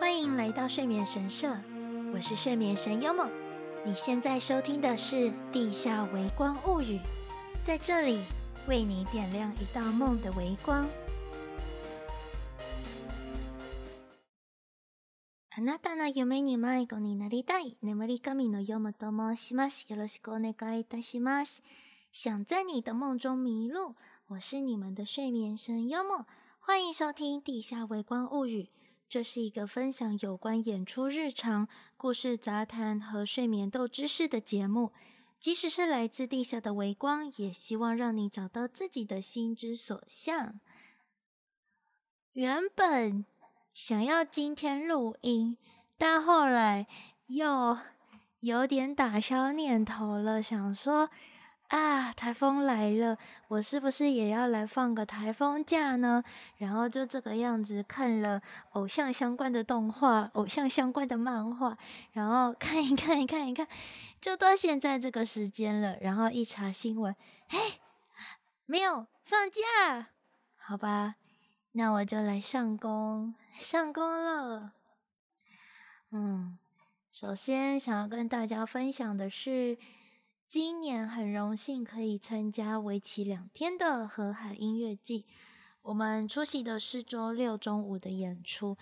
歡迎來到睡眠神社，我是睡眠神優夢。你現在收聽的是《地下微光物語》，在這裡為你點亮一道夢的微光。あなたの夢に迷子になりたい、眠り神の夢と申します。よろしくお願いいたします。想在你的夢中迷路，我是你們的睡眠神優夢。歡迎收聽《地下微光物語》。這是一個分享有關演出日常、故事雜談和睡眠鬥知識的節目。即使是來自地下的微光，也希望讓你找到自己的心之所向。原本想要今天錄音，但後來又有點打消念頭了，想說。啊！颱風來了，我是不是也要來放個颱風假呢？然後就這個樣子看了偶像相關的動畫、偶像相關的漫畫，然後看一看一、看一，看一看，就到現在這個時間了。然後一查新聞，哎，沒有放假，好吧，那我就來上工，上工了。嗯，首先想要跟大家分享的是。今年很榮幸可以參加為期兩天的河海音樂祭，我們出席的是周六中午的演出。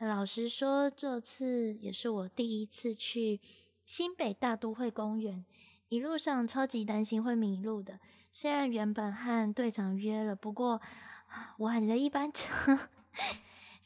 老實說，這次也是我第一次去新北大都會公園，一路上超級擔心會迷路的。雖然原本和隊長約了，不過我晚了一班車。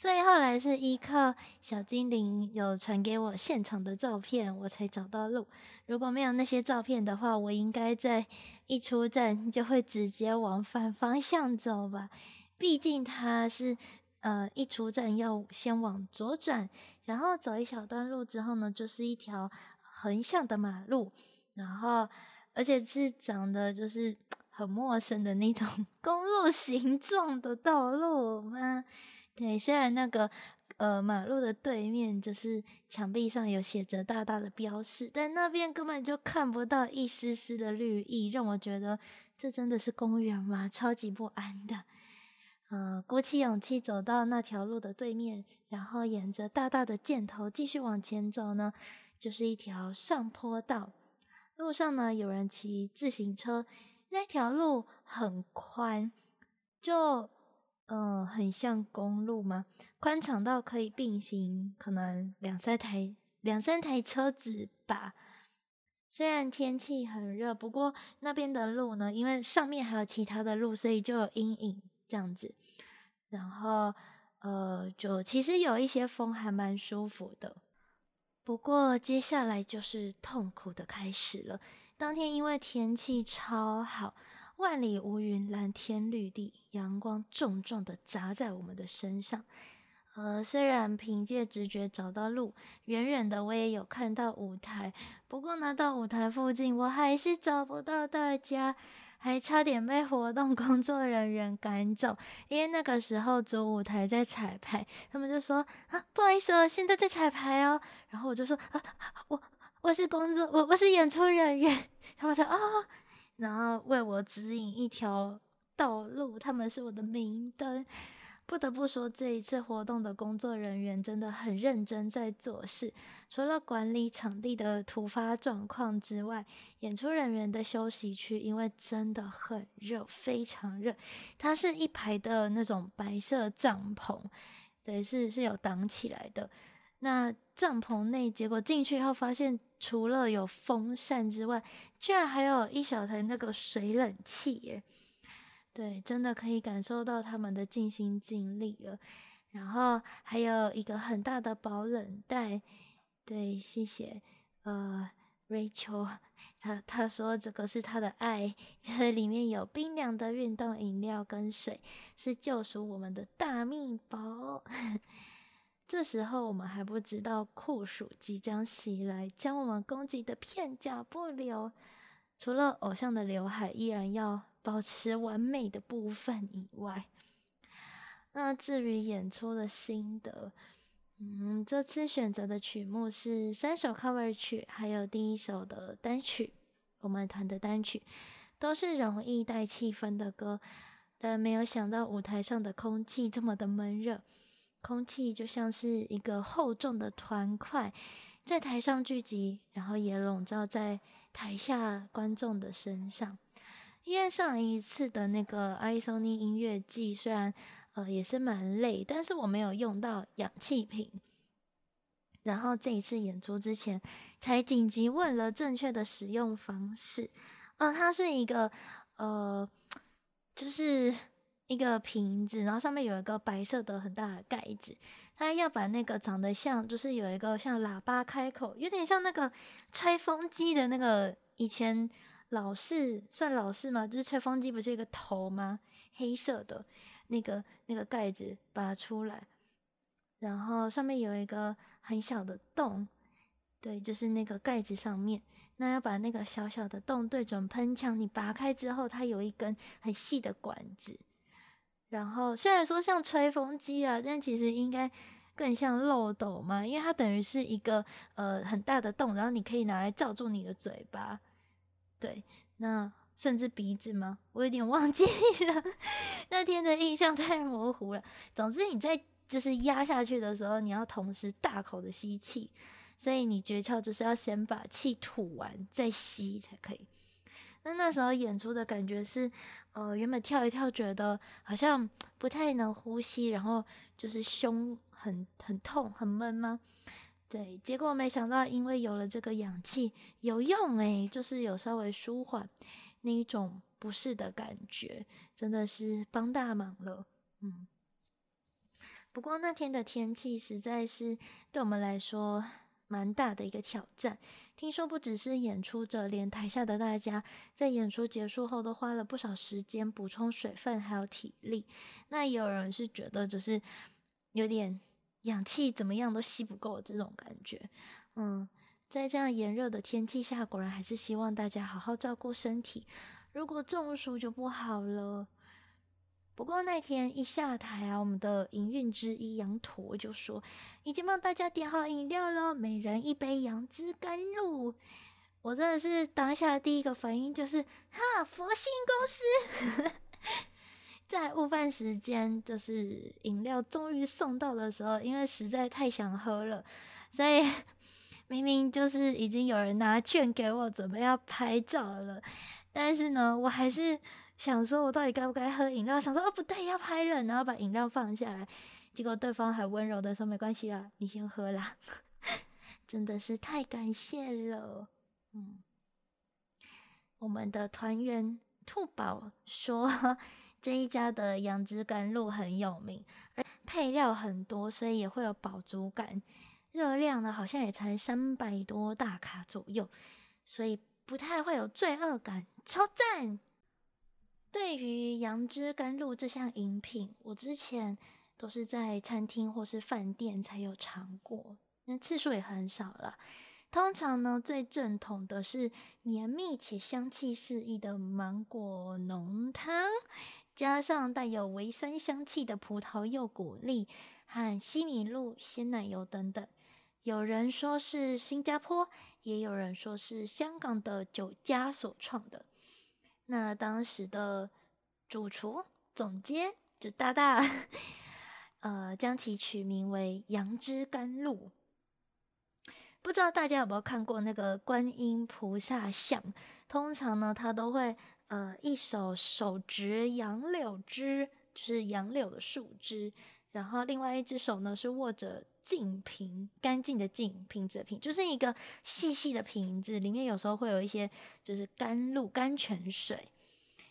所以後來是依靠小精靈有傳給我現場的照片，我才找到路。如果沒有那些照片的話，我應該在一出站就會直接往反方向走吧。畢竟它，是呃一出站要先往左轉，然後走一小段路之後呢，就是一條橫向的馬路，然後而且是長得就是很陌生的那種公路形狀的道路嗎？對，雖然那個呃馬路的對面就是牆壁上有寫着大大的標示，但那邊根本就看不到一絲絲的綠意，讓我覺得這真的是公園嗎？超級不安的。呃，鼓起勇氣走到那條路的對面，然後沿着大大的箭頭繼續往前走呢，就是一條上坡道。路上呢有人騎自行車，那條路很寬，就。嗯、呃，很像公路嗎？寬敞到可以並行，可能兩三台兩三台車子吧。雖然天氣很熱，不過那邊的路呢，因為上面還有其他的路，所以就有陰影這樣子。然後，呃，就其實有一些風，還蠻舒服的。不過接下來就是痛苦的開始了。當天因為天氣超好。萬里無雲，藍天綠地，陽光重重地砸在我們的身上。呃，雖然憑借直覺找到路，遠遠的我也有看到舞台，不過拿到舞台附近，我還是找不到大家，還差點被活動工作人員趕走，因為那個時候主舞台在彩排，他們就說啊，不好意思哦，現在在彩排哦。然後我就說啊，我我是工作，我我是演出人員。他們說啊。哦然後為我指引一條道路，他們是我的明燈。不得不說，這一次活動的工作人員真的很認真在做事。除了管理場地的突發狀況之外，演出人員的休息區因為真的很熱，非常熱。它是一排的那種白色帳篷，對，是是有擋起來的。那。帳篷內，結果進去以後發現，除了有風扇之外，居然還有一小台那個水冷氣耶！對，真的可以感受到他們的盡心盡力了。然後還有一個很大的保冷袋，對，謝謝呃 Rachel，他他說這個是他的愛，這裡面有冰涼的運動飲料跟水，是救贖我們的大秘寶。 這時候我們還不知道酷暑即將襲來，將我們攻擊的片甲不留。除了偶像的劉海依然要保持完美的部分以外，那至於演出的心得，嗯，這次選擇的曲目是三首 cover 曲，還有第一首的單曲，我們團的單曲，都是容易帶氣氛的歌。但沒有想到舞台上的空氣這麼的悶熱。空氣就像是一個厚重的團塊，在台上聚集，然後也籠罩在台下觀眾的身上。因為上一次的那個 iSony 音樂祭，雖然呃也是蠻累，但是我沒有用到氧氣瓶。然後這一次演出之前，才緊急問了正確的使用方式。呃，它是一個呃，就是。一個瓶子，然後上面有一個白色的很大的蓋子，它要把那個長得像，就是有一個像喇叭開口，有點像那個吹風機的那個以前老式，算老式嗎？就是吹風機不是一個頭嗎？黑色的那個那個蓋子拔出來，然後上面有一個很小的洞，對，就是那個蓋子上面，那要把那個小小的洞對準噴槍，你拔開之後，它有一根很細的管子。然後雖然說像吹風機啊，但其實應該更像漏斗嘛，因為它等於是一個呃很大的洞，然後你可以拿來罩住你的嘴巴，對，那甚至鼻子嗎？我有點忘記了， 那天的印象太模糊了。總之你在就是壓下去的時候，你要同時大口的吸氣，所以你訣竅就是要先把氣吐完再吸才可以。那那時候演出的感覺是，呃，原本跳一跳覺得好像不太能呼吸，然後就是胸很很痛，很悶嗎？對，結果沒想到因為有了這個氧氣有用誒，就是有稍微舒緩那一種不適的感覺，真的是幫大忙了。嗯，不過那天的天氣實在是對我們來說，蠻大的一個挑戰，聽說不只是演出者，連台下的大家在演出結束後都花了不少時間補充水分還有體力。那也有人是覺得就是有點氧氣怎麼樣都吸不夠這種感覺，嗯，在這樣炎熱的天氣下，果然還是希望大家好好照顧身體，如果中暑就不好了。不過那天一下台啊，我們的營運之一羊駝就說已經幫大家點好飲料了，每人一杯楊枝甘露。我真的是當下的第一個反應就是哈，佛心公司！ 在午飯時間就是飲料終於送到的時候，因為實在太想喝了，所以明明就是已經有人拿券給我準備要拍照了，但是呢我還是。想說我到底該不該喝飲料？想說哦不對，要拍人，然後把飲料放下來。結果對方很溫柔的說：“沒關係啦，你先喝啦。 ”真的是太感謝了。嗯，我們的團員兔寶說，這一家的楊枝甘露很有名，而配料很多，所以也會有飽足感。熱量呢，好像也才三百多大卡左右，所以不太會有罪惡感。超讚！對於楊枝甘露這項飲品，我之前都是在餐廳或是飯店才有嘗過，那次數也很少了。通常呢，最正統的是綿密且香氣四溢的芒果濃湯，加上帶有微酸香氣的葡萄柚果粒和西米露、鮮奶油等等。有人說是新加坡，也有人說是香港的酒家所創的。那當時的主廚總監就大大，呃，將其取名為“楊枝甘露”。不知道大家有沒有看過那個觀音菩薩像？通常呢，他都會呃一手手執楊柳枝，就是楊柳的樹枝。然後，另外一隻手呢是握着淨瓶，乾淨的淨瓶子的瓶，就是一個細細的瓶子，裡面有時候會有一些就是甘露、甘泉水。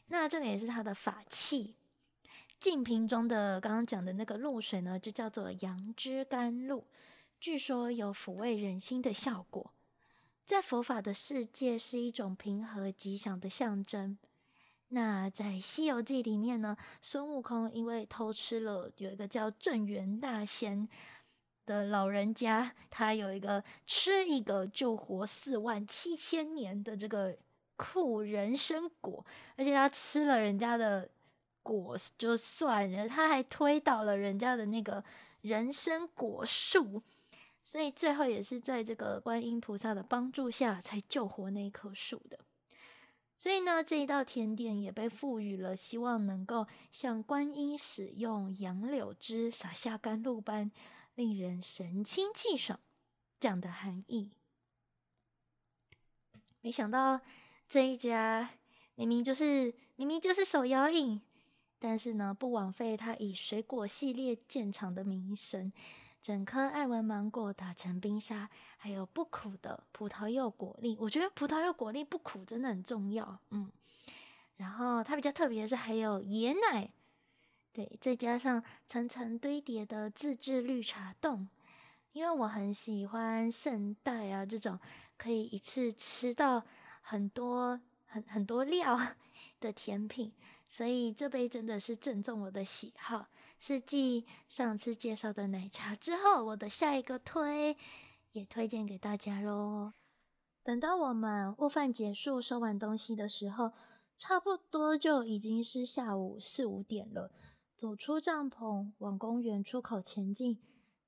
那這個也是他的法器。淨瓶中的剛剛講的那個露水呢，就叫做楊枝甘露，據說有撫慰人心的效果，在佛法的世界是一種平和吉祥的象徵。那在《西遊記》裡面呢，孫悟空因為偷吃了有一個叫鎮元大仙的老人家，他有一個吃一個就活四萬七千年的這個苦人參果，而且他吃了人家的果就算了，他還推倒了人家的那個人參果樹，所以最後也是在這個觀音菩薩的幫助下才救活那一棵樹的。所以呢，這一道甜點也被賦予了希望能夠像觀音使用楊柳枝灑下甘露般，令人神清氣爽這樣的含義。沒想到這一家明明就是明明就是手搖飲，但是呢，不枉費他以水果系列見長的名聲。整顆愛文芒果打成冰沙，還有不苦的葡萄柚果粒，我覺得葡萄柚果粒不苦真的很重要。嗯，然後它比較特別的是還有椰奶，對，再加上層層堆疊的自製綠茶凍，因為我很喜歡聖代啊這種可以一次吃到很多很很多料的甜品，所以這杯真的是正中我的喜好。是繼上次介紹的奶茶之後，我的下一個推也推薦給大家嘍。等到我們午飯結束，收完東西的時候，差不多就已經是下午四五點了。走出帳篷，往公園出口前進。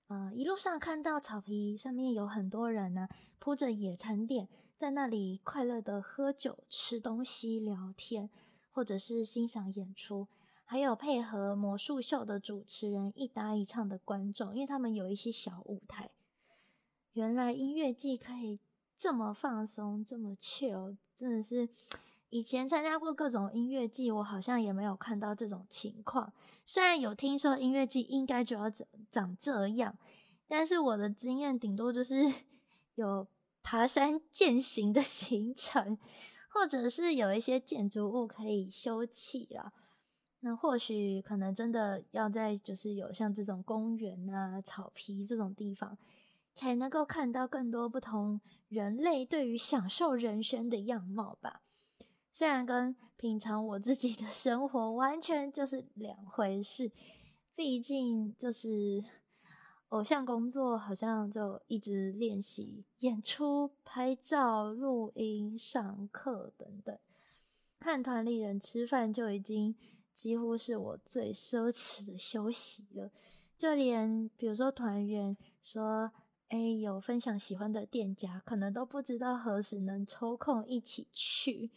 啊、呃，一路上看到草皮上面有很多人呢，啊，鋪着野餐墊，在那裡快樂的喝酒、吃東西、聊天，或者是欣賞演出。還有配合魔術秀的主持人一搭一唱的觀眾，因為他們有一些小舞台。原來音樂祭可以這麼放鬆，這麼 chill，真的是以前參加過各種音樂祭，我好像也沒有看到這種情況。雖然有聽說音樂祭應該就要長這樣，但是我的經驗頂多就是有爬山健行的行程，或者是有一些建築物可以休憩了。那或許可能真的要在就是有像這種公園啊、草皮這種地方，才能夠看到更多不同人類對於享受人生的樣貌吧。雖然跟平常我自己的生活完全就是兩回事，畢竟就是偶像工作好像就一直練習演出、拍照、錄音、上課等等，看團裡人吃飯就已經。幾乎是我最奢侈的休息了，就連比如說團員說：“哎、欸，有分享喜歡的店家，可能都不知道何時能抽空一起去。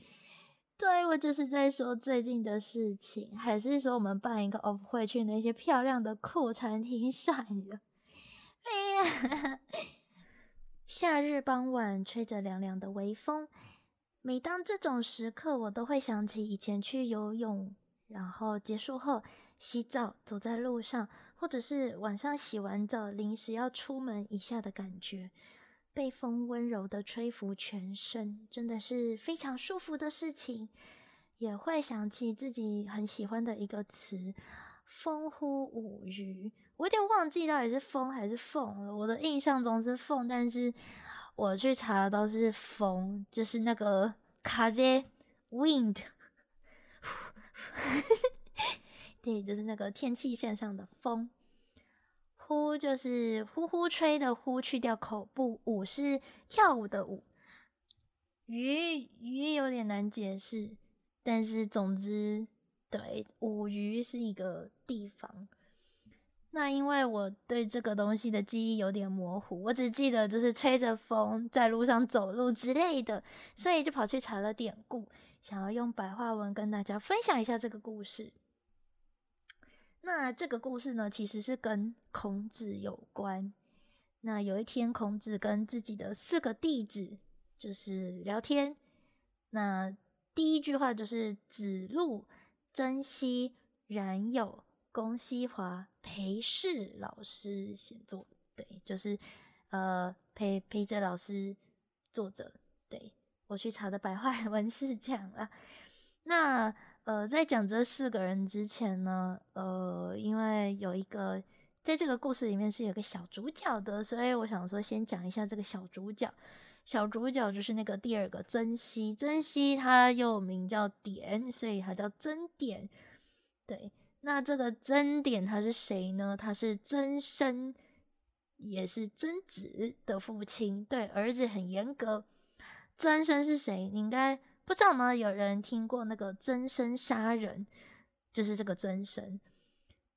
對”對我就是在說最近的事情，還是說我們辦一個 off 會去那些漂亮的酷餐廳算了。哎呀， 夏日傍晚吹着涼涼的微風，每當這種時刻，我都會想起以前去游泳。然後結束後洗澡，走在路上，或者是晚上洗完澡臨時要出門一下的感覺，被風溫柔的吹拂全身，真的是非常舒服的事情。也會想起自己很喜歡的一個詞“風乎舞雩”，我有點忘記到底是風還是鳳了。我的印象中是鳳，但是我去查都是風，就是那個 kaze wind。 對，就是那個天氣線上的風，呼，就是呼呼吹的呼，去掉口部，舞是跳舞的舞。雩，雩有點難解釋，但是總之，對，舞雩是一個地方。那因為我對這個東西的記憶有點模糊，我只記得就是吹着風在路上走路之類的，所以就跑去查了典故。想要用白話文跟大家分享一下這個故事。那這個故事呢，其實是跟孔子有關。那有一天，孔子跟自己的四個弟子就是聊天。那第一句話就是：“子路、曾皙、冉有、公西華陪侍老師先坐，對，就是呃陪陪着老師坐着。對。我去查的白話文是這樣了、啊。那呃，在講這四個人之前呢，呃，因為有一個在這個故事裡面是有一個小主角的，所以我想說先講一下這個小主角。小主角就是那個第二個曾皙，曾皙他又有名叫點，所以他叫曾點。對，那這個曾點他是誰呢？他是曾參，也是曾子的父親，對，兒子很嚴格。曾參是誰？你應該不知道嗎？有，有人聽過那個曾參殺人，就是這個曾參。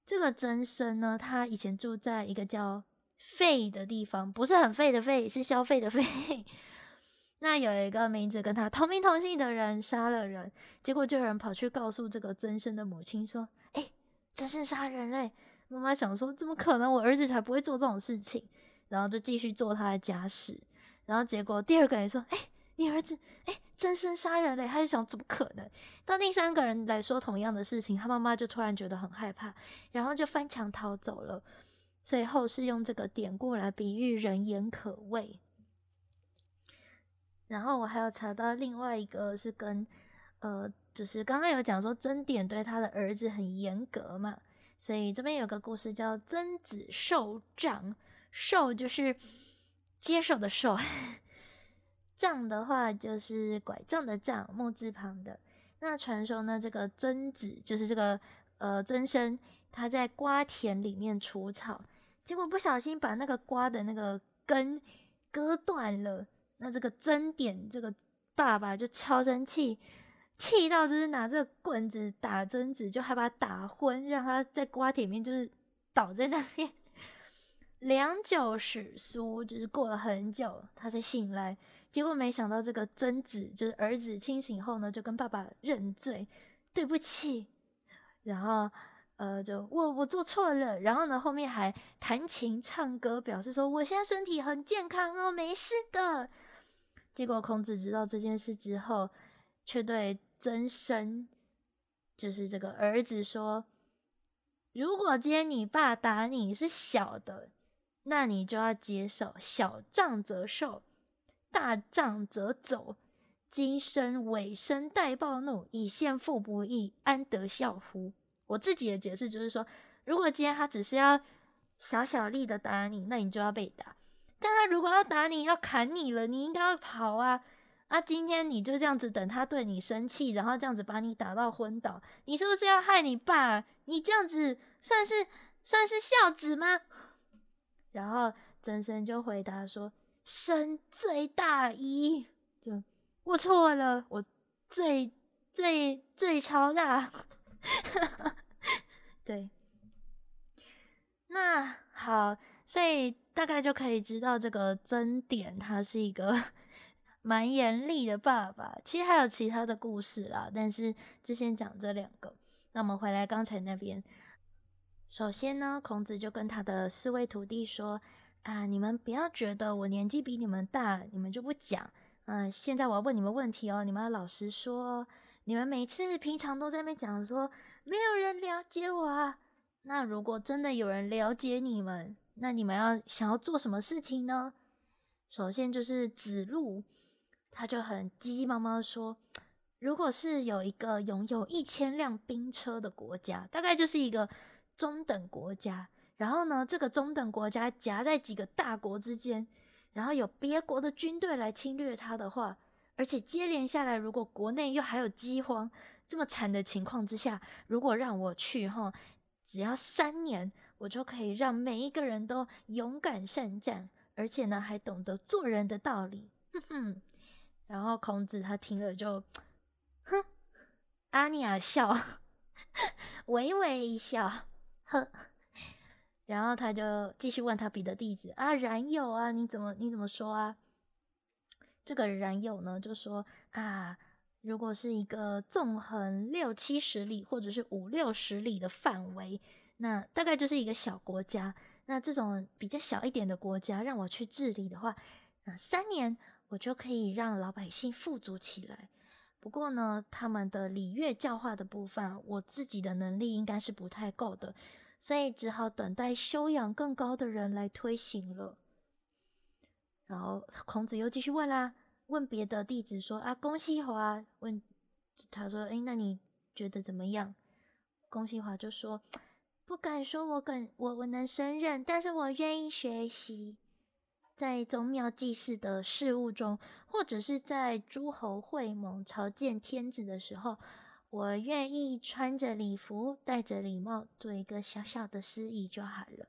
這個曾參呢，他以前住在一個叫“費”的地方，不是很廢的廢，是消費的費。 那有一個名字跟他同名同姓的人殺了人，結果就有人跑去告訴這個曾參的母親說：“哎、欸，曾參殺人嘞、欸！”媽媽想說：“怎麼可能？我兒子才不會做這種事情。”然後就繼續做他的家事。然後結果第二個人說：“哎、欸。”你兒子哎、欸，曾參殺人嘞！他就想，怎麼可能？當第三個人來說同樣的事情，他媽媽就突然覺得很害怕，然後就翻牆逃走了。最後是用這個典故來比喻人言可畏。然後我還有查到另外一個是跟呃，就是剛剛有講說曾點對他的兒子很嚴格嘛，所以這邊有個故事叫《曾子受杖》。受就是接受的受。杖的話就是拐杖的杖，木字旁的。那傳說呢，這個曾子就是這個呃曾參，他在瓜田裡面除草，結果不小心把那個瓜的那個根割斷了。那這個曾點這個爸爸就超生氣，氣到就是拿這個棍子打曾子，就把他打昏，讓他在瓜田裡面就是倒在那邊。良久史書就是過了很久，他才醒來。結果沒想到，這個曾子就是兒子清醒後呢，就跟爸爸認罪，對不起，然後呃，就我我做錯了，然後呢，後面還彈琴唱歌，表示說我現在身體很健康哦，沒事的。結果孔子知道這件事之後，卻對曾參，就是這個兒子說，如果今天你爸打你是小的，那你就要接受小杖則受。大杖則走，今參委身待暴怒，以陷父不義，安得孝乎？我自己的解釋就是說，如果今天他只是要小小力的打你，那你就要被打；但他如果要打你，要砍你了，你應該要跑啊！啊，今天你就這樣子等他對你生氣，然後這樣子把你打到昏倒，你是不是要害你爸？你這樣子算是算是孝子嗎？然後曾參就回答說。生最大一，就我錯了，我最最最超大， 對，那好，所以大概就可以知道這個曾點，他是一個蠻嚴厲的爸爸。其實還有其他的故事啦，但是就先講這兩個。那我們回來剛才那邊，首先呢，孔子就跟他的四位徒弟說。啊、呃！你們不要覺得我年紀比你們大，你們就不講。嗯、呃，現在我要問你們問題哦。你們要老實說，你們每次平常都在那邊講說沒有人了解我啊。那如果真的有人了解你們，那你們要想要做什麼事情呢？首先就是子路，他就很急急忙忙說，如果是有一個擁有一千輛兵車的國家，大概就是一個中等國家。然後呢，這個中等國家夾在幾個大國之間，然後有別國的軍隊來侵略它的話，而且接連下來，如果國內又還有饑荒這麼慘的情況之下，如果讓我去哈，只要三年，我就可以讓每一個人都勇敢善戰，而且呢還懂得做人的道理。哼哼，然後孔子他聽了就，哼，阿尼亞笑，微微一笑，哼。然後他就繼續問他別的弟子啊，冉有啊，你怎麼你怎麼說啊？這個冉有呢就說啊，如果是一個縱橫六七十里或者是五六十里的範圍，那大概就是一個小國家。那這種比較小一點的國家，讓我去治理的話，那三年我就可以讓老百姓富足起來。不過呢，他們的禮樂教化的部分，我自己的能力應該是不太夠的。所以只好等待修養更高的人來推行了。然後孔子又繼續問啦、啊，問別的弟子說：“啊，公西華，問，他說，哎，那你覺得怎麼樣？”公西華就說：“不敢說我，我敢，我我能勝任，但是我願意學習，在宗廟祭祀的事務中，或者是在諸侯會盟、朝見天子的時候。”我願意穿着禮服，戴着禮帽，做一個小小的司儀就好了。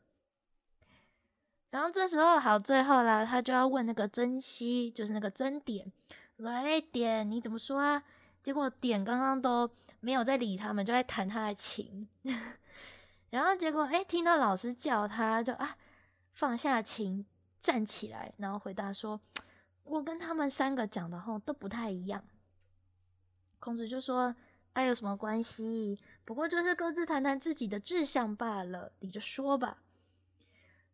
然後這時候好，最後啦，他就要問那個曾皙，就是那個曾點，說：“哎點，你怎麼說啊？”結果點剛剛都沒有在理他們，就在彈他的琴。 然後結果哎，聽到老師叫他，就啊放下琴，站起來，然後回答說：“我跟他們三個講的話都不太一樣。”孔子就說。還、啊、有什麼關係？不過就是各自談談自己的志向罷了。你就說吧。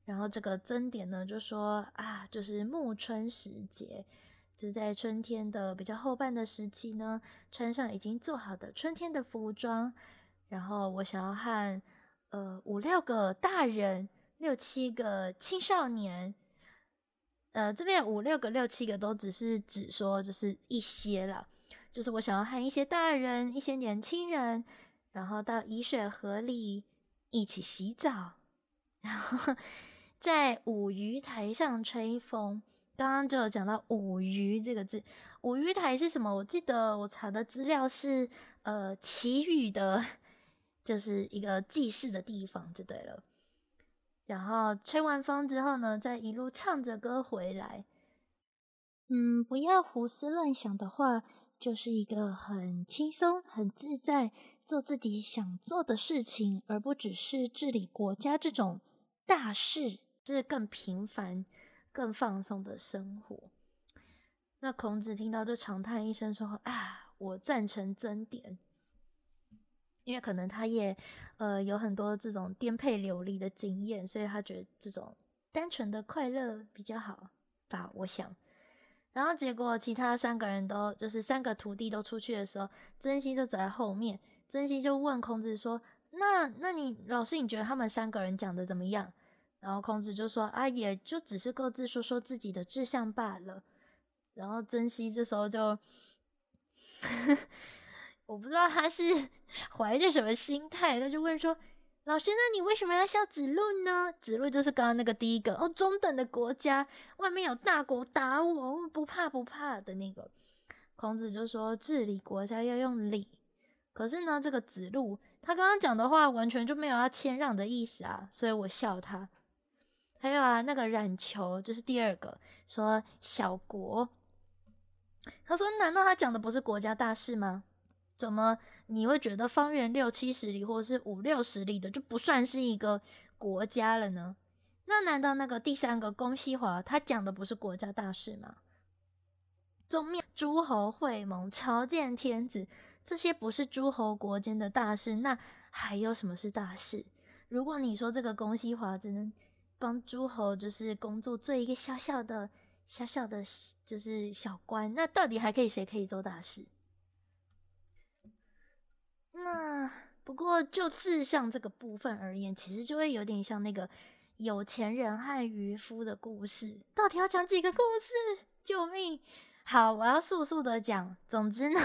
然後這個曾點呢就說啊，就是暮春時節，就是在春天的比較後半的時期呢，穿上已經做好的春天的服裝。然後我想要和呃五六個大人，六七個青少年，呃這邊五六個六七個都只是只說就是一些了。就是我想要和一些大人、一些年輕人，然後到沂水河裡一起洗澡，然後在舞雩台上吹風。剛剛就有講到“舞雩”這個字，“舞雩台”是什麼？我記得我查的資料是，呃，祈雨的，就是一個祭祀的地方，就對了。然後吹完風之後呢，再一路唱着歌回來。嗯，不要胡思亂想的話。就是一個很輕鬆、很自在，做自己想做的事情，而不只是治理國家這種大事，是更平凡、更放鬆的生活。那孔子聽到就長嘆一聲說：“啊，我贊成曾點，因為可能他也呃有很多這種顛沛流離的經驗，所以他覺得這種單純的快樂比較好吧。”我想。然後結果，其他三個人都就是三個徒弟都出去的時候，曾皙就走在後面。曾皙就問孔子說：“那那你老師，你覺得他們三個人講的怎麼樣？”然後孔子就說：“啊，也就只是各自說說自己的志向罷了。”然後曾皙這時候就呵呵，我不知道他是懷着什麼心態，他就問說。老師，那你為什麼要笑子路呢？子路就是剛剛那個第一個哦，中等的國家，外面，有大國打我，我不怕不怕的那個。孔子就說，治理國家要用禮，可是呢，這個子路他剛剛講的話完全就沒有要謙讓的意思啊，所以我笑他。還有啊，那個冉求就是第二個，說小國，他說，難道他講的不是國家大事嗎？怎麼你會覺得方圓六七十里或者是五六十里的就不算是一個國家了呢？那難道那個第三個公西華他講的不是國家大事嗎？宗廟、諸侯會盟、朝見天子，這些不是諸侯國間的大事？那還有什麼是大事？如果你說這個公西華只能幫諸侯就是工作做一個小小的、小小的，就是小官，那到底還可以誰可以做大事？那不過就志向這個部分而言，其實就會有點像那個有錢人和漁夫的故事。到底要講幾個故事？救命！好，我要速速的講。總之呢，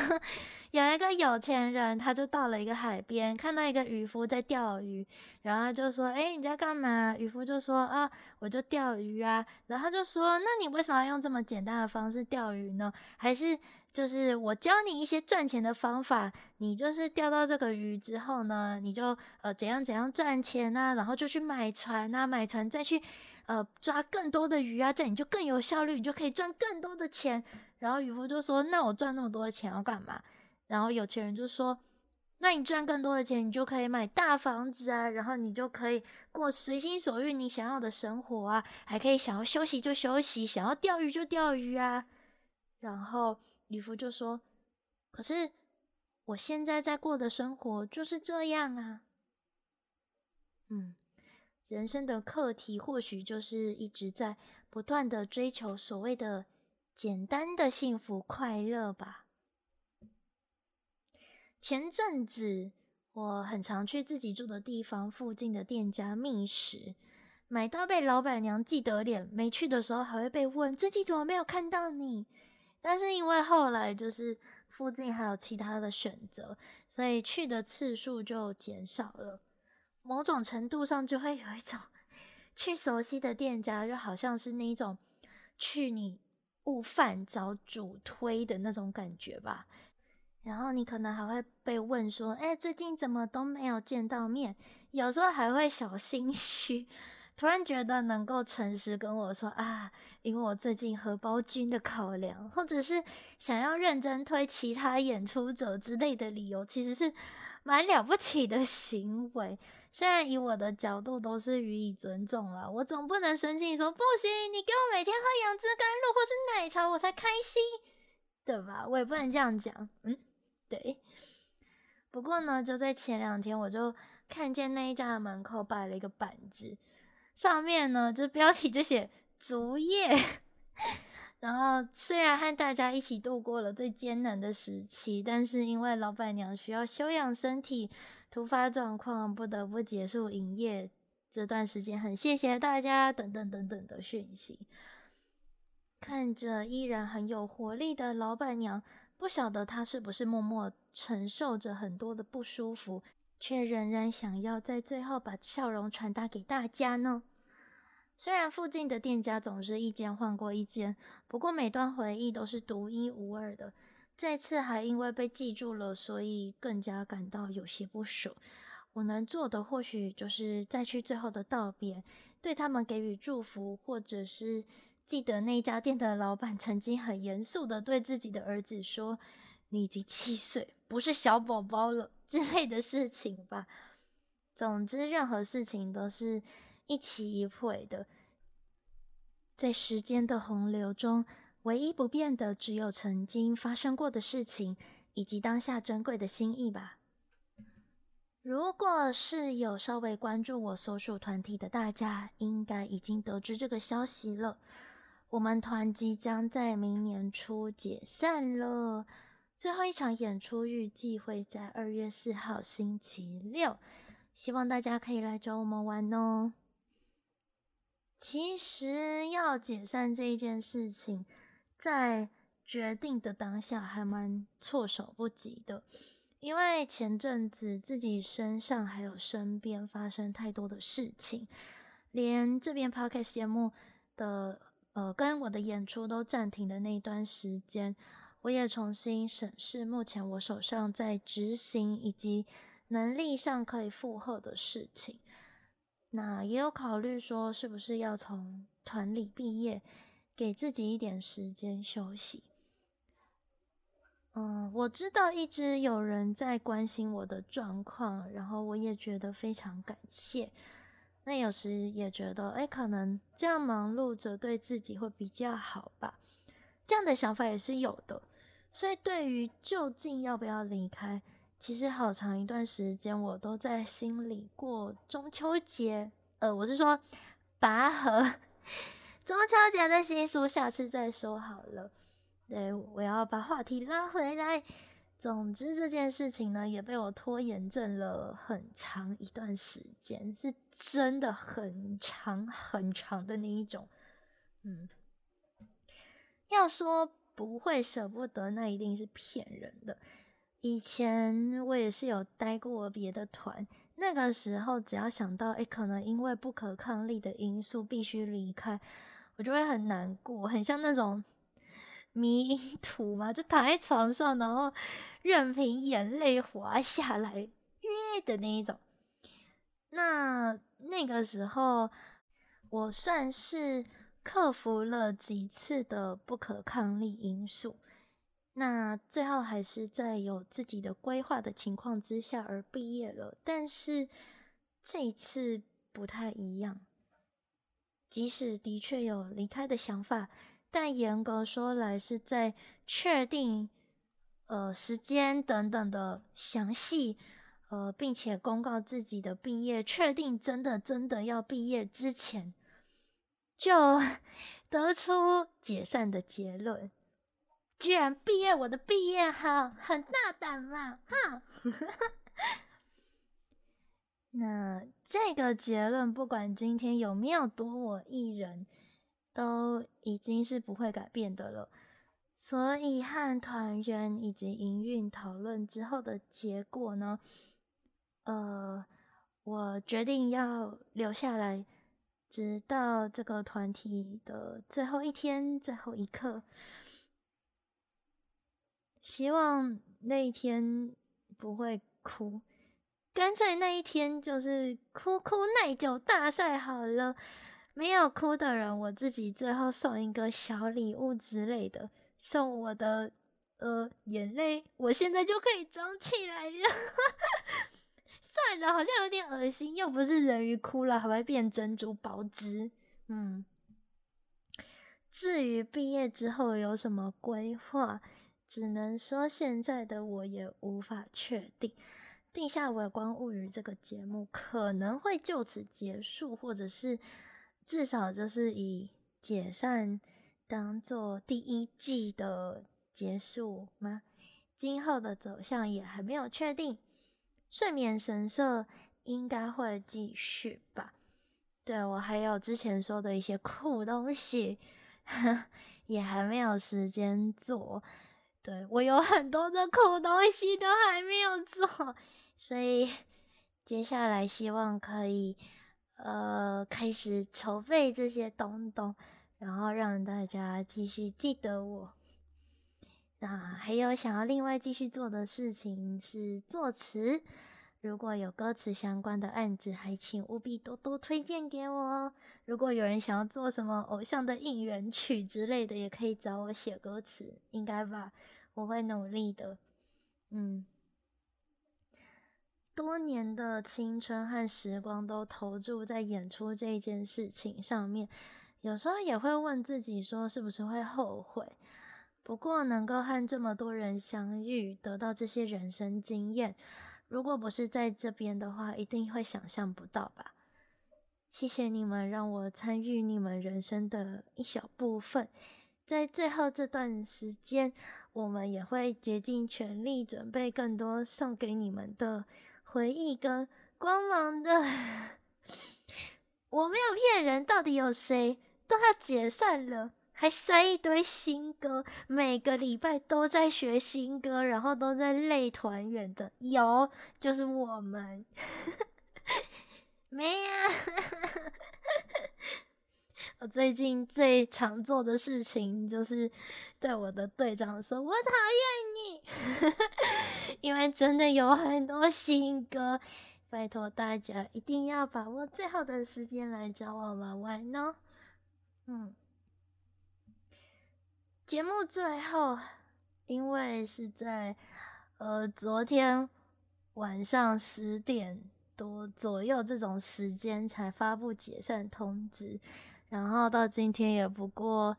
有一個有錢人，他就到了一個海邊，看到一個漁夫在釣魚，然後他就說：“哎、欸，你在幹嘛？”漁夫就說：“啊，我就釣魚啊。”然後他就說：“那你為什麼要用這麼簡單的方式釣魚呢？還是就是我教你一些賺錢的方法，你就是釣到這個魚之後呢，你就呃怎樣怎樣賺錢呢、啊？然後就去買船啊，買船再去呃抓更多的魚啊，這樣你就更有效率，你就可以賺更多的錢。”然後漁夫就說：“那我賺那麼多的錢要幹嘛？”然後有錢人就說：“那你賺更多的錢，你就可以買大房子啊，然後你就可以過隨心所欲你想要的生活啊，還可以想要休息就休息，想要釣魚就釣魚啊。”然後漁夫就說：“可是我現在在過的生活就是這樣啊。”嗯，人生的課題或許就是一直在不斷的追求所謂的。簡單的幸福快樂吧。前陣子我很常去自己住的地方附近的店家覓食，買到被老闆娘記得臉，沒去的時候還會被問，最近怎麼沒有看到你。但是因為後來就是附近還有其他的選擇，所以去的次數就減少了。某種程度上就會有一種 去熟悉的店家，就好像是那種去你。物販找主推的那種感覺吧，然後你可能還會被問說：“哎、欸，最近怎麼都沒有見到面？”有時候還會小心虛，突然覺得能夠誠實跟我說啊，因為我最近荷包君的考量，或者是想要認真推其他演出者之類的理由，其實是蠻了不起的行為。雖然以我的角度都是予以尊重了，我總不能生氣說不行，你給我每天喝楊枝甘露或是奶茶我才開心，對吧？我也不能這樣講，嗯，對。不過呢，就在前兩天，我就看見那一家門口擺了一個板子，上面呢就標題就寫“足業”。 然後雖然和大家一起度過了最艱難的時期，但是因為老闆娘需要休養身體。突發狀況不得不結束營業，這段時間很謝謝大家等等等等的訊息。看着依然很有活力的老板娘，不曉得她是不是默默承受着很多的不舒服，卻仍然想要在最後把笑容傳達給大家呢？雖然附近的店家總是一間換過一間，不過每段回憶都是獨一無二的。這次還因為被記住了，所以更加感到有些不捨。我能做的或許就是再去最後的道別，對他們給予祝福，或者是記得那家店的老闆曾經很嚴肅地對自己的兒子說：“你已經七歲，不是小寶寶了”之類的事情吧。總之，任何事情都是一期一會的，在時間的洪流中。唯一不變的，只有曾經發生過的事情，以及當下珍貴的心意吧。如果是有稍微關注我所屬團體的大家，應該已經得知這個消息了。我們團即將在明年初解散了，最後一場演出預計會在二月四號星期六，希望大家可以來找我們玩哦。其實要解散這一件事情，在決定的當下還蠻措手不及的，因為前陣子自己身上還有身邊發生太多的事情，連這邊 podcast 節目的呃跟我的演出都暫停的那一段時間，我也重新審視目前我手上在執行以及能力上可以負荷的事情，那也有考慮說是不是要從團裡畢業。給自己一點時間休息。嗯，我知道一直有人在關心我的狀況，然後我也覺得非常感謝。那有時也覺得，欸，可能這樣忙碌着對自己會比較好吧。這樣的想法也是有的。所以，對於究竟要不要離開，其實好長一段時間我都在心裡過中秋節。呃，我是說拔河。中秋節的習俗，下次再說好了。對，我要把話題拉回來。總之這件事情呢，也被我拖延症了很長一段時間，是真的很長很長的那一種。嗯，要說不會舍不得，那一定是騙人的。以前我也是有待過別的團，那個時候只要想到，哎、欸，可能因為不可抗力的因素必須離開。我就會很難過，很像那種迷途嘛，就躺在床上，然後任憑眼淚滑下來的那一種。那那個時候，我算是克服了幾次的不可抗力因素，那最後還是在有自己的規劃的情況之下而畢業了。但是這一次不太一樣。即使的確有離開的想法，但嚴格說來是在確定，呃，時間等等的詳細，呃，並且公告自己的畢業，確定真的真的要畢業之前，就得出解散的結論。居然畢業，我的畢業哈，很大膽嘛，哈。 那這個結論，不管今天有沒有多我一人，都已經是不會改變的了。所以和團員以及營運討論之後的結果呢，呃，我決定要留下來，直到這個團體的最後一天、最後一刻。希望那一天不會哭。乾脆那一天就是哭哭耐久大賽好了，沒有哭的人，我自己最後送一個小禮物之類的，送我的呃眼淚，我現在就可以裝起來了。 算了，好像有點惡心，又不是人魚哭了還會變珍珠保值。嗯，至於畢業之後有什麼規劃，只能說現在的我也無法確定。《地下微觀物語》這個節目可能會就此結束，或者是至少就是以解散當做第一季的結束嗎？今後的走向也還沒有確定。睡眠神社應該會繼續吧？對，我還有之前說的一些酷東西，也還沒有時間做。對，我有很多的酷東西都還沒有做。所以接下來希望可以呃開始籌備這些東東，然後讓大家繼續記得我。那還有想要另外繼續做的事情是作詞，如果有歌詞相關的案子，還請務必多多推薦給我。如果有人想要做什麼偶像的應援曲之類的，也可以找我寫歌詞，應該吧？我會努力的。嗯。多年的青春和時光都投注在演出這件事情上面，有時候也會問自己說是不是會後悔？不過能夠和這麼多人相遇，得到這些人生經驗，如果不是在這邊的話，一定會想象不到吧。謝謝你們讓我參與你們人生的一小部分，在最後這段時間，我們也會竭盡全力準備更多送給你們的。回憶歌，光芒的，我沒有騙人。到底有誰都要解散了，還塞一堆新歌，每個禮拜都在學新歌，然後都在累團員的，有就是我們， 沒有、啊 我最近最常做的事情就是對我的隊長說：“我討厭你。 ”因為真的有很多新歌，拜託大家一定要把握最後的時間來找我們玩玩哦。嗯，節目最後，因為是在呃昨天晚上十點多左右這種時間才發布解散通知。然後到今天也不過，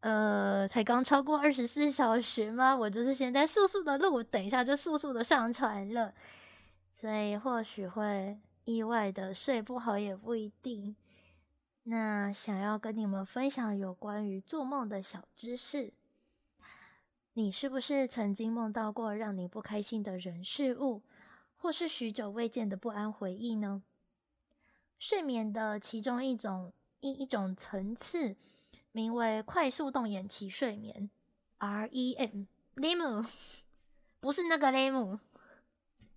呃，才剛超過二十四小時嗎？我就是現在速速的錄，等一下就速速的上傳了，所以或許會意外的睡不好也不一定。那想要跟你們分享有關於做夢的小知識，你是不是曾經夢到過讓你不開心的人事物，或是許久未見的不安回憶呢？睡眠的其中一種。一一種層次名為快速動眼期睡眠 （REM），lem 不是那個 lem，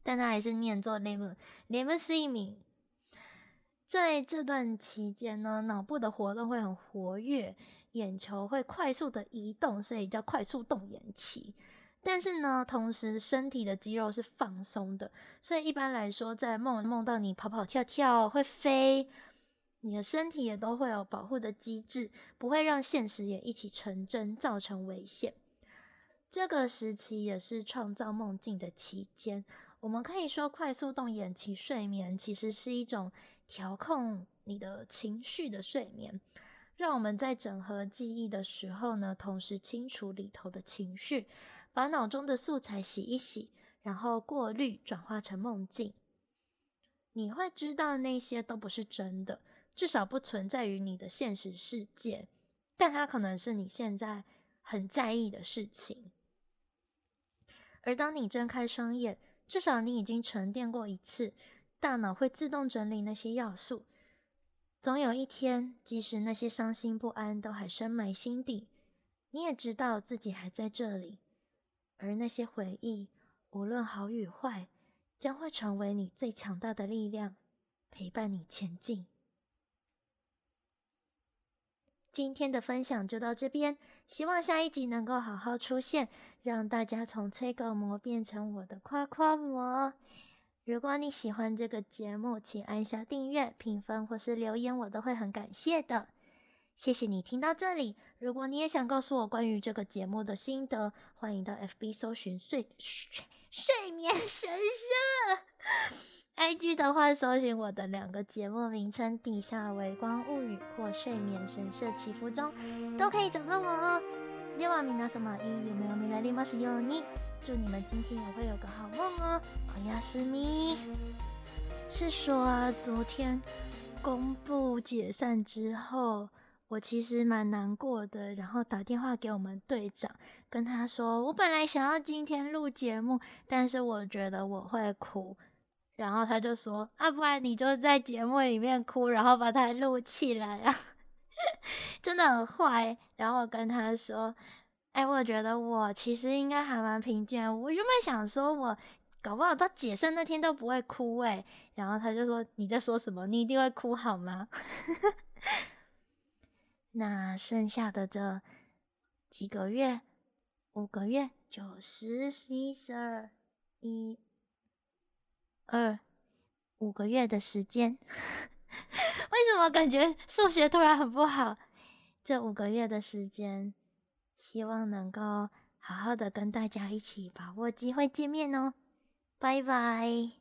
但他還是念作 lem，lem 是一名在這段期間呢，腦部的活動會很活躍，眼球會快速的移動，所以叫快速動眼期。但是呢，同時身體的肌肉是放鬆的，所以一般來說在夢，在夢夢到你跑跑跳跳會飛。你的身體也都會有保護的機制，不會讓現實也一起成真，造成危險。這個時期也是創造夢境的期間。我們可以說，快速動眼期睡眠其實是一種調控你的情緒的睡眠，讓我們在整合記憶的時候呢，同時清除裡頭的情緒，把腦中的素材洗一洗，然後過濾，轉化成夢境。你會知道那些都不是真的。至少不存在於你的現實世界，但它可能是你現在很在意的事情。而當你睜開雙眼，至少你已經沉澱過一次，大腦會自動整理那些要素。總有一天，即使那些傷心不安都還深埋心底，你也知道自己還在這裡。而那些回憶，無論好與壞，將會成為你最強大的力量，陪伴你前進。今天的分享就到這邊，希望下一集能夠好好出現，讓大家從催稿魔變成我的誇誇魔。如果你喜歡這個節目，請按下訂閱、評分或是留言，我都會很感謝的。謝謝你聽到這裡，如果你也想告訴我關於這個節目的心得，歡迎到 FB 搜尋睡睡,睡眠神社。 IG 的話，搜尋我的兩個節目名稱，底下《微光物語》或《睡眠神社祈福中都可以找到我哦。六萬米拿什麼衣？有沒有米來立馬使用呢？祝你們今天也會有個好夢哦。我要是你是說、啊，昨天公布解散之後，我其實蠻難過的，然後打電話給我們隊長，跟他說，我本來想要今天錄節目，但是我覺得我會哭。然後他就說：“啊，不然你就在節目裡面哭，然後把它錄起來，啊，真的很壞。”然後我跟他說：“哎，我覺得我其實應該還蠻平靜。我原本想說我搞不好到解散那天都不會哭。”哎，然後他就說：“你在說什麼？你一定會哭好嗎？”呵呵，那剩下的這幾個月，五個月，九十十一十二一。二五個月的時間， 為什麼感覺數學突然很不好？這五個月的時間，希望能夠好好的跟大家一起把握機會見面哦，拜拜。